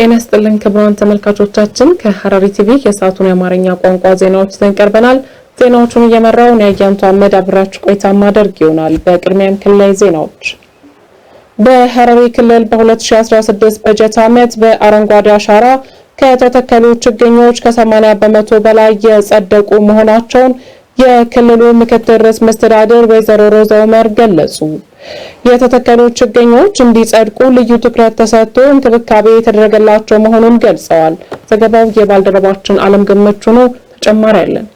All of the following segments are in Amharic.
ጤና ስጥልን ክቡራን ተመልካቾቻችን፣ ከሐረሪ ቲቪ የሰዓቱን የአማርኛ ቋንቋ ዜናዎች ይዘን ቀርበናል። ዜናዎቹን እየመራው ኒያያንቱ አመድ አብራችሁ ቆይታ ማደርግ ይሆናል። በቅድሚያም ክልላዊ ዜናዎች። በሐረሪ ክልል በ2016 በጀት ዓመት በአረንጓዴ አሻራ ከተተከሉ ችግኞች ከ80 በመቶ በላይ የጸደቁ መሆናቸውን የክልሉ ምክትል ርዕሰ መስተዳድር ወይዘሮ ሮዛ ኡመር ገለጹ። የተተከሉ ችግኞች እንዲጸድቁ ልዩ ትኩረት ተሰጥቶ እንክብካቤ የተደረገላቸው መሆኑን ገልጸዋል። ዘገባው የባልደረባችን አለም ገመቹ ነው። ተጨማሪ አለን።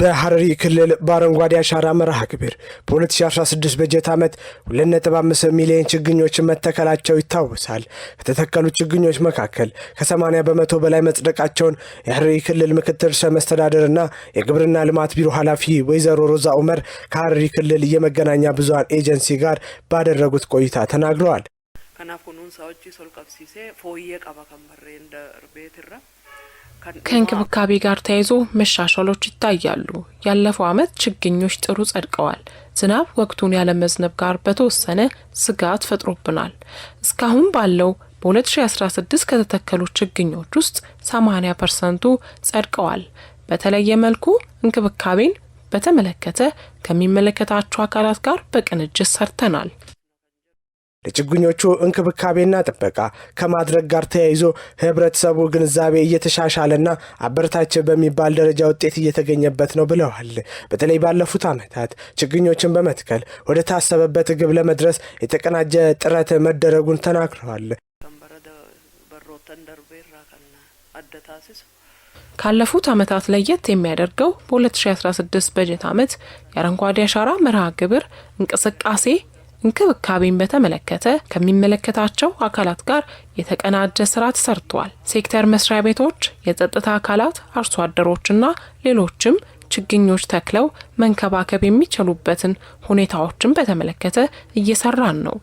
በሐረሪ ክልል በአረንጓዴ አሻራ መርሃ ግብር በ2016 በጀት ዓመት 2.5 ሚሊዮን ችግኞችን መተከላቸው ይታወሳል። ከተተከሉ ችግኞች መካከል ከ80 በመቶ በላይ መጽደቃቸውን የሐረሪ ክልል ምክትል ርዕሰ መስተዳድርና የግብርና ልማት ቢሮ ኃላፊ ወይዘሮ ሮዛ ኡመር ከሐረሪ ክልል የመገናኛ ብዙሃን ኤጀንሲ ጋር ባደረጉት ቆይታ ተናግረዋል። ከናፉኑን ሰዎች ሶልቀብሲሴ ፎየ ቀባ እንደ ርቤትራ ከእንክብካቤ ጋር ተያይዞ መሻሻሎች ይታያሉ። ያለፈው ዓመት ችግኞች ጥሩ ጸድቀዋል። ዝናብ ወቅቱን ያለመዝነብ ጋር በተወሰነ ስጋት ፈጥሮብናል። እስካሁን ባለው በ2016 ከተተከሉ ችግኞች ውስጥ 80 ፐርሰንቱ ጸድቀዋል። በተለየ መልኩ እንክብካቤን በተመለከተ ከሚመለከታቸው አካላት ጋር በቅንጅት ሰርተናል። ለችግኞቹ እንክብካቤና ጥበቃ ከማድረግ ጋር ተያይዞ ህብረተሰቡ ግንዛቤ እየተሻሻለና አበረታች በሚባል ደረጃ ውጤት እየተገኘበት ነው ብለዋል። በተለይ ባለፉት ዓመታት ችግኞችን በመትከል ወደ ታሰበበት ግብ ለመድረስ የተቀናጀ ጥረት መደረጉን ተናግረዋል። ካለፉት ዓመታት ለየት የሚያደርገው በ2016 በጀት ዓመት የአረንጓዴ አሻራ መርሃ ግብር እንቅስቃሴ እንክብካቤን በተመለከተ ከሚመለከታቸው አካላት ጋር የተቀናጀ ስራ ተሰርቷል። ሴክተር መስሪያ ቤቶች፣ የጸጥታ አካላት፣ አርሶ አደሮችና ሌሎችም ችግኞች ተክለው መንከባከብ የሚችሉበትን ሁኔታዎችን በተመለከተ እየሰራን ነው።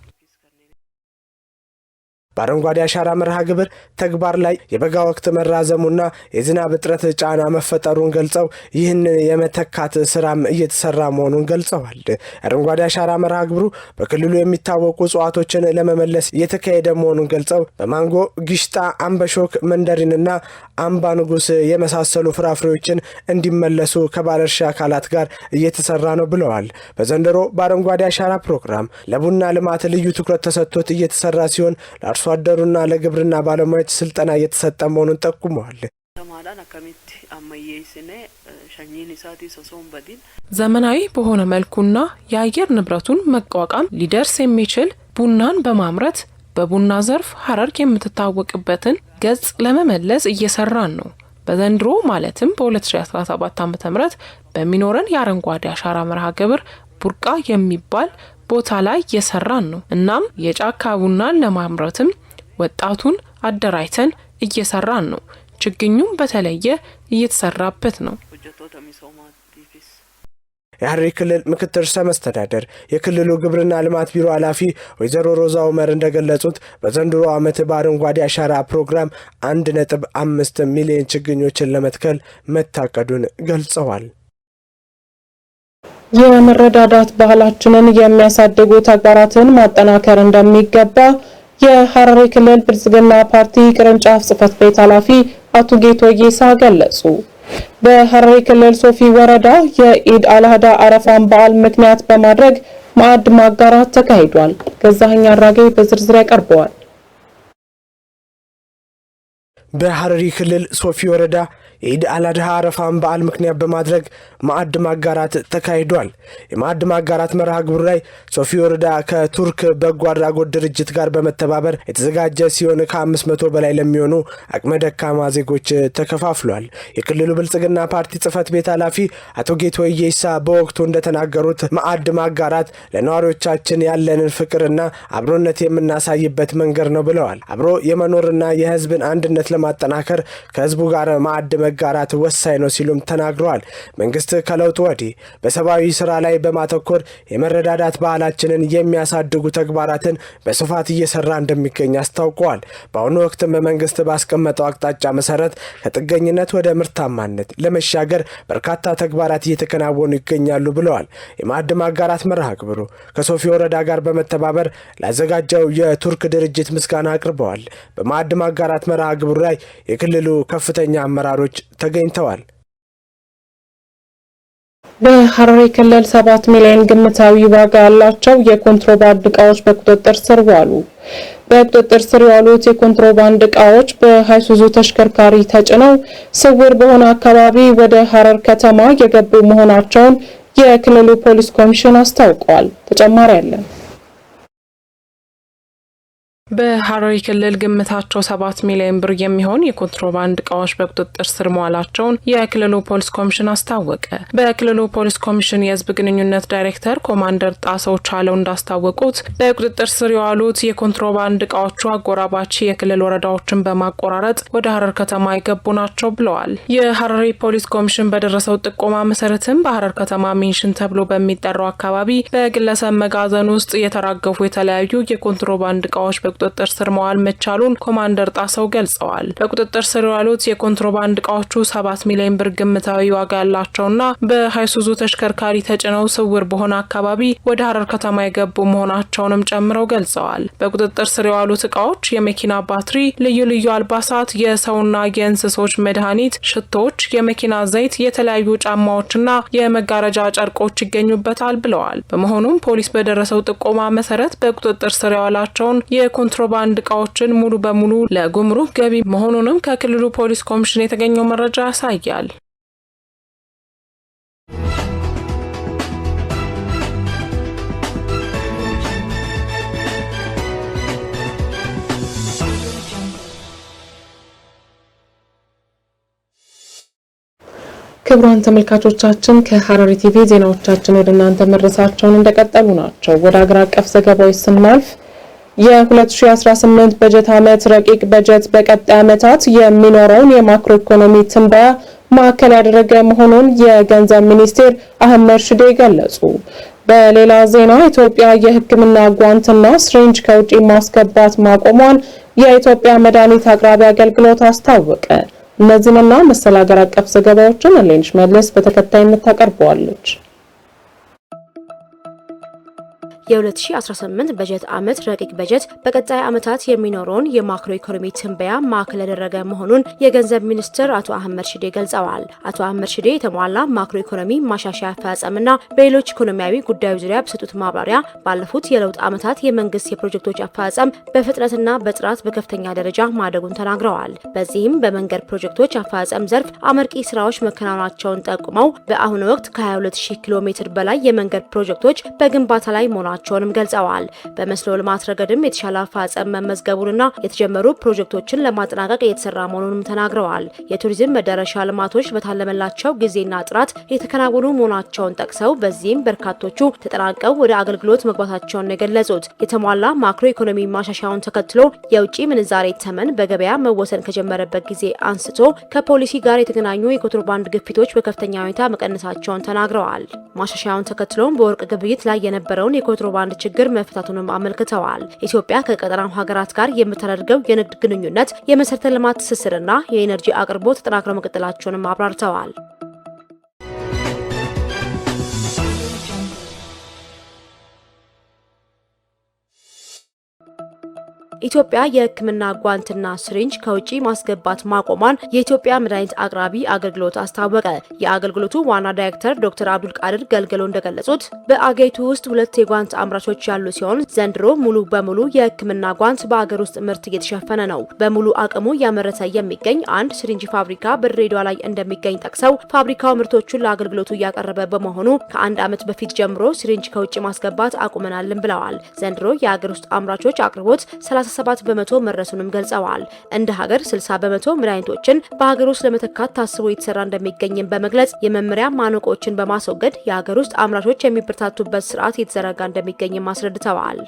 በአረንጓዴ አሻራ መርሃ ግብር ተግባር ላይ የበጋ ወቅት መራዘሙና የዝናብ እጥረት ጫና መፈጠሩን ገልጸው ይህን የመተካት ስራም እየተሰራ መሆኑን ገልጸዋል። አረንጓዴ አሻራ መርሃ ግብሩ በክልሉ የሚታወቁ እጽዋቶችን ለመመለስ እየተካሄደ መሆኑን ገልጸው በማንጎ፣ ግሽጣ፣ አምበሾክ፣ መንደሪንና አምባ ንጉስ የመሳሰሉ ፍራፍሬዎችን እንዲመለሱ ከባለድርሻ አካላት ጋር እየተሰራ ነው ብለዋል። በዘንድሮ በአረንጓዴ አሻራ ፕሮግራም ለቡና ልማት ልዩ ትኩረት ተሰጥቶት እየተሰራ ሲሆን ለአርሶ ለአርሶ አደሩና ለግብርና ባለሙያዎች ስልጠና እየተሰጠ መሆኑን ጠቁመዋል። ዘመናዊ በሆነ መልኩና የአየር ንብረቱን መቋቋም ሊደርስ የሚችል ቡናን በማምረት በቡና ዘርፍ ሀረር የምትታወቅበትን ገጽ ለመመለስ እየሰራን ነው። በዘንድሮ ማለትም በ2017 ዓ ም በሚኖረን የአረንጓዴ አሻራ መርሃ ግብር ቡርቃ የሚባል ቦታ ላይ እየሰራን ነው። እናም የጫካ ቡናን ለማምረትም ወጣቱን አደራጅተን እየሰራን ነው። ችግኙም በተለየ እየተሰራበት ነው። የሐረሪ ክልል ምክትል ርዕሰ መስተዳደር የክልሉ ግብርና ልማት ቢሮ ኃላፊ ወይዘሮ ሮዛ ኡመር እንደገለጹት በዘንድሮ ዓመት በአረንጓዴ አሻራ ፕሮግራም አንድ ነጥብ አምስት ሚሊዮን ችግኞችን ለመትከል መታቀዱን ገልጸዋል። የመረዳዳት ባህላችንን የሚያሳድጉ ተጋራትን ማጠናከር እንደሚገባ የሐረሪ ክልል ብልጽግና ፓርቲ ቅርንጫፍ ጽህፈት ቤት ኃላፊ አቶ ጌቶ ጌሳ ገለጹ። በሐረሪ ክልል ሶፊ ወረዳ የኢድ አልሃዳ አረፋን በዓል ምክንያት በማድረግ ማዕድ ማጋራት ተካሂዷል። ገዛኸኝ አራጌ በዝርዝር ያቀርበዋል። በሐረሪ ክልል ሶፊ ወረዳ የኢድ አልአድሃ አረፋን በዓል ምክንያት በማድረግ ማዕድ ማጋራት ተካሂዷል። የማዕድ ማጋራት መርሃ ግብሩ ላይ ሶፊ ወረዳ ከቱርክ በጎ አድራጎት ድርጅት ጋር በመተባበር የተዘጋጀ ሲሆን ከ500 በላይ ለሚሆኑ አቅመ ደካማ ዜጎች ተከፋፍሏል። የክልሉ ብልጽግና ፓርቲ ጽህፈት ቤት ኃላፊ አቶ ጌትወይ በወቅቱ እንደተናገሩት ማዕድ ማጋራት ለነዋሪዎቻችን ያለንን ፍቅርና አብሮነት የምናሳይበት መንገድ ነው ብለዋል። አብሮ የመኖርና የህዝብን አንድነት ለማጠናከር ከህዝቡ ጋር ማዕድ መጋራት ወሳኝ ነው ሲሉም ተናግረዋል። መንግስት ከለውጥ ወዲህ በሰብአዊ ስራ ላይ በማተኮር የመረዳዳት ባህላችንን የሚያሳድጉ ተግባራትን በስፋት እየሰራ እንደሚገኝ አስታውቀዋል። በአሁኑ ወቅትም በመንግስት ባስቀመጠው አቅጣጫ መሰረት ከጥገኝነት ወደ ምርታማነት ለመሻገር በርካታ ተግባራት እየተከናወኑ ይገኛሉ ብለዋል። የማዕድም አጋራት መርሃ ግብሩ ከሶፊ ወረዳ ጋር በመተባበር ላዘጋጀው የቱርክ ድርጅት ምስጋና አቅርበዋል። በማዕድም አጋራት መርሃ ግብሩ ላይ የክልሉ ከፍተኛ አመራሮች ተገኝተዋል። በሐረሪ ክልል ሰባት ሚሊዮን ግምታዊ ዋጋ ያላቸው የኮንትሮባንድ እቃዎች በቁጥጥር ስር ዋሉ። በቁጥጥር ስር ያሉት የኮንትሮባንድ እቃዎች በሃይሱዙ ተሽከርካሪ ተጭነው ስውር በሆነ አካባቢ ወደ ሐረር ከተማ የገቡ መሆናቸውን የክልሉ ፖሊስ ኮሚሽን አስታውቋል። ተጨማሪ አለን። በሐረሪ ክልል ግምታቸው ሰባት ሚሊዮን ብር የሚሆን የኮንትሮባንድ እቃዎች በቁጥጥር ስር መዋላቸውን የክልሉ ፖሊስ ኮሚሽን አስታወቀ። በክልሉ ፖሊስ ኮሚሽን የህዝብ ግንኙነት ዳይሬክተር ኮማንደር ጣሰው ቻለው እንዳስታወቁት በቁጥጥር ስር የዋሉት የኮንትሮባንድ እቃዎቹ አጎራባች የክልል ወረዳዎችን በማቆራረጥ ወደ ሐረር ከተማ የገቡ ናቸው ብለዋል። የሐረሪ ፖሊስ ኮሚሽን በደረሰው ጥቆማ መሰረትም በሐረር ከተማ ሚንሽን ተብሎ በሚጠራው አካባቢ በግለሰብ መጋዘን ውስጥ የተራገፉ የተለያዩ የኮንትሮባንድ እቃዎች በቁጥጥር ስር መዋል መቻሉን ኮማንደር ጣሰው ገልጸዋል። በቁጥጥር ስር የዋሉት የኮንትሮባንድ እቃዎቹ ሰባት ሚሊዮን ብር ግምታዊ ዋጋ ያላቸውና በሀይሱዙ ተሽከርካሪ ተጭነው ስውር በሆነ አካባቢ ወደ ሀረር ከተማ የገቡ መሆናቸውንም ጨምረው ገልጸዋል። በቁጥጥር ስር የዋሉት እቃዎች የመኪና ባትሪ፣ ልዩ ልዩ አልባሳት፣ የሰውና የእንስሶች መድኃኒት፣ ሽቶዎች፣ የመኪና ዘይት፣ የተለያዩ ጫማዎችና የመጋረጃ ጨርቆች ይገኙበታል ብለዋል። በመሆኑም ፖሊስ በደረሰው ጥቆማ መሰረት በቁጥጥር ስር የዋላቸውን የኮ የኮንትሮባንድ እቃዎችን ሙሉ በሙሉ ለጉምሩክ ገቢ መሆኑንም ከክልሉ ፖሊስ ኮሚሽን የተገኘው መረጃ ያሳያል። ክቡራን ተመልካቾቻችን ከሐረሪ ቲቪ ዜናዎቻችን ወደ እናንተ መድረሳቸውን እንደቀጠሉ ናቸው። ወደ አገር አቀፍ ዘገባዎች ስናልፍ የ2018 በጀት ዓመት ረቂቅ በጀት በቀጣይ ዓመታት የሚኖረውን የማክሮ ኢኮኖሚ ትንበያ ማዕከል ያደረገ መሆኑን የገንዘብ ሚኒስቴር አህመድ ሽዴ ገለጹ። በሌላ ዜና ኢትዮጵያ የሕክምና ጓንትና ስሪንጅ ከውጪ ማስገባት ማቆሟን የኢትዮጵያ መድኃኒት አቅራቢ አገልግሎት አስታወቀ። እነዚህንና መሰል ሀገር አቀፍ ዘገባዎችን ሌንሽ መለስ በተከታይነት ታቀርበዋለች። የ2018 በጀት ዓመት ረቂቅ በጀት በቀጣይ ዓመታት የሚኖረውን የማክሮ ኢኮኖሚ ትንበያ ማዕከል ያደረገ መሆኑን የገንዘብ ሚኒስትር አቶ አህመድ ሽዴ ገልጸዋል። አቶ አህመድ ሽዴ የተሟላ ማክሮ ኢኮኖሚ ማሻሻያ አፈጻጸምና በሌሎች ኢኮኖሚያዊ ጉዳዮች ዙሪያ በሰጡት ማብራሪያ ባለፉት የለውጥ ዓመታት የመንግስት የፕሮጀክቶች አፈጻጸም በፍጥነትና በጥራት በከፍተኛ ደረጃ ማደጉን ተናግረዋል። በዚህም በመንገድ ፕሮጀክቶች አፈጻጸም ዘርፍ አመርቂ ስራዎች መከናወናቸውን ጠቁመው በአሁኑ ወቅት ከ22000 ኪሎ ሜትር በላይ የመንገድ ፕሮጀክቶች በግንባታ ላይ መሆናቸው መሆናቸውንም ገልጸዋል። በመስኖ ልማት ረገድም የተሻለ አፈጻጸም መመዝገቡንና የተጀመሩ ፕሮጀክቶችን ለማጠናቀቅ እየተሰራ መሆኑንም ተናግረዋል። የቱሪዝም መዳረሻ ልማቶች በታለመላቸው ጊዜና ጥራት የተከናወኑ መሆናቸውን ጠቅሰው በዚህም በርካቶቹ ተጠናቀው ወደ አገልግሎት መግባታቸውን የገለጹት የተሟላ ማክሮ ኢኮኖሚ ማሻሻያውን ተከትሎ የውጭ ምንዛሬ ተመን በገበያ መወሰን ከጀመረበት ጊዜ አንስቶ ከፖሊሲ ጋር የተገናኙ የኮንትሮባንድ ግፊቶች በከፍተኛ ሁኔታ መቀነሳቸውን ተናግረዋል። ማሻሻያውን ተከትሎም በወርቅ ግብይት ላይ የነበረውን የኮንትሮ የኮንትሮባንድ ችግር መፍታቱንም አመልክተዋል። ኢትዮጵያ ከቀጠናው ሀገራት ጋር የምታደርገው የንግድ ግንኙነት፣ የመሰረተ ልማት ትስስርና የኤነርጂ አቅርቦት ተጠናክረው መቀጠላቸውንም አብራርተዋል። ኢትዮጵያ የሕክምና ጓንትና ስሪንጅ ከውጭ ማስገባት ማቆሟን የኢትዮጵያ መድኃኒት አቅራቢ አገልግሎት አስታወቀ። የአገልግሎቱ ዋና ዳይሬክተር ዶክተር አብዱል ቃድር ገልገሎ እንደገለጹት በአገሪቱ ውስጥ ሁለት የጓንት አምራቾች ያሉ ሲሆን ዘንድሮ ሙሉ በሙሉ የሕክምና ጓንት በአገር ውስጥ ምርት እየተሸፈነ ነው። በሙሉ አቅሙ እያመረተ የሚገኝ አንድ ስሪንጅ ፋብሪካ በድሬዳዋ ላይ እንደሚገኝ ጠቅሰው ፋብሪካው ምርቶቹን ለአገልግሎቱ እያቀረበ በመሆኑ ከአንድ ዓመት በፊት ጀምሮ ስሪንጅ ከውጭ ማስገባት አቁመናልን ብለዋል። ዘንድሮ የአገር ውስጥ አምራቾች አቅርቦት 37 በመቶ መድረሱንም ገልጸዋል። እንደ ሀገር 60 በመቶ መድኃኒቶችን በሀገር ውስጥ ለመተካት ታስቦ የተሰራ እንደሚገኝም በመግለጽ የመመሪያ ማነቆችን በማስወገድ የሀገር ውስጥ አምራቾች የሚበረታቱበት ስርዓት የተዘረጋ እንደሚገኝም አስረድተዋል።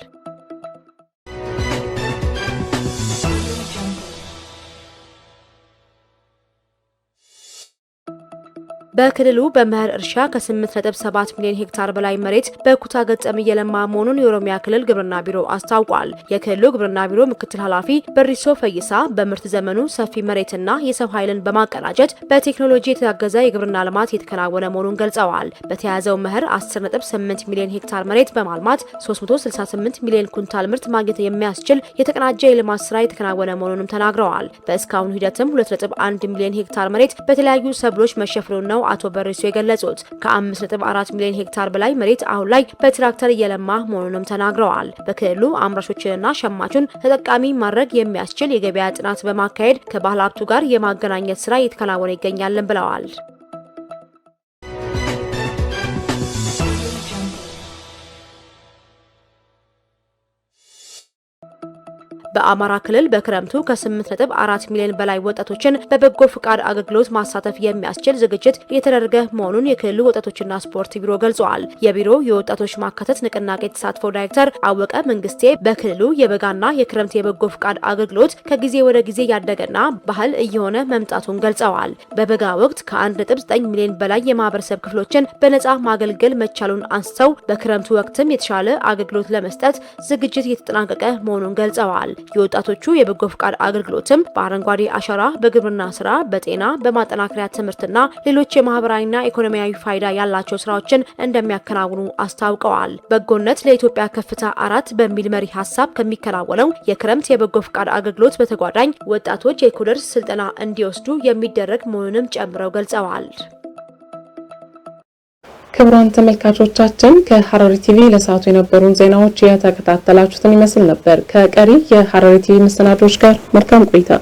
በክልሉ በመኸር እርሻ ከ8.7 ሚሊዮን ሄክታር በላይ መሬት በኩታ ገጠም እየለማ መሆኑን የኦሮሚያ ክልል ግብርና ቢሮ አስታውቋል። የክልሉ ግብርና ቢሮ ምክትል ኃላፊ በሪሶ ፈይሳ በምርት ዘመኑ ሰፊ መሬትና የሰው ኃይልን በማቀናጀት በቴክኖሎጂ የተጋገዘ የግብርና ልማት የተከናወነ መሆኑን ገልጸዋል። በተያያዘው መኸር 10.8 ሚሊዮን ሄክታር መሬት በማልማት 368 ሚሊዮን ኩንታል ምርት ማግኘት የሚያስችል የተቀናጀ የልማት ስራ የተከናወነ መሆኑንም ተናግረዋል። በእስካሁኑ ሂደትም 2.1 ሚሊዮን ሄክታር መሬት በተለያዩ ሰብሎች መሸፈኑን ነው አቶ በሬሶ የገለጹት። ከ5.4 ሚሊዮን ሄክታር በላይ መሬት አሁን ላይ በትራክተር እየለማ መሆኑንም ተናግረዋል። በክልሉ አምራቾችንና ሸማቹን ተጠቃሚ ማድረግ የሚያስችል የገበያ ጥናት በማካሄድ ከባህል ሀብቱ ጋር የማገናኘት ስራ እየተከናወነ ይገኛልን ብለዋል። በአማራ ክልል በክረምቱ ከ8.4 ሚሊዮን በላይ ወጣቶችን በበጎ ፍቃድ አገልግሎት ማሳተፍ የሚያስችል ዝግጅት እየተደረገ መሆኑን የክልሉ ወጣቶችና ስፖርት ቢሮ ገልጿል። የቢሮው የወጣቶች ማካተት ንቅናቄ ተሳትፎ ዳይሬክተር አወቀ መንግስቴ በክልሉ የበጋና የክረምት የበጎ ፍቃድ አገልግሎት ከጊዜ ወደ ጊዜ ያደገና ባህል እየሆነ መምጣቱን ገልጸዋል። በበጋ ወቅት ከ1.9 ሚሊዮን በላይ የማህበረሰብ ክፍሎችን በነጻ ማገልገል መቻሉን አንስተው በክረምቱ ወቅትም የተሻለ አገልግሎት ለመስጠት ዝግጅት እየተጠናቀቀ መሆኑን ገልጸዋል። የወጣቶቹ የበጎ ፍቃድ አገልግሎትም በአረንጓዴ አሻራ፣ በግብርና ስራ፣ በጤና፣ በማጠናከሪያ ትምህርትና ሌሎች የማህበራዊና ኢኮኖሚያዊ ፋይዳ ያላቸው ስራዎችን እንደሚያከናውኑ አስታውቀዋል። በጎነት ለኢትዮጵያ ከፍታ አራት በሚል መሪ ሀሳብ ከሚከናወነው የክረምት የበጎ ፍቃድ አገልግሎት በተጓዳኝ ወጣቶች የኮደርስ ስልጠና እንዲወስዱ የሚደረግ መሆኑንም ጨምረው ገልጸዋል። ክቡራን ተመልካቾቻችን ከሐረሪ ቲቪ ለሰዓቱ የነበሩን ዜናዎች የተከታተላችሁትን ይመስል ነበር። ከቀሪ የሐረሪ ቲቪ መሰናዶች ጋር መልካም ቆይታ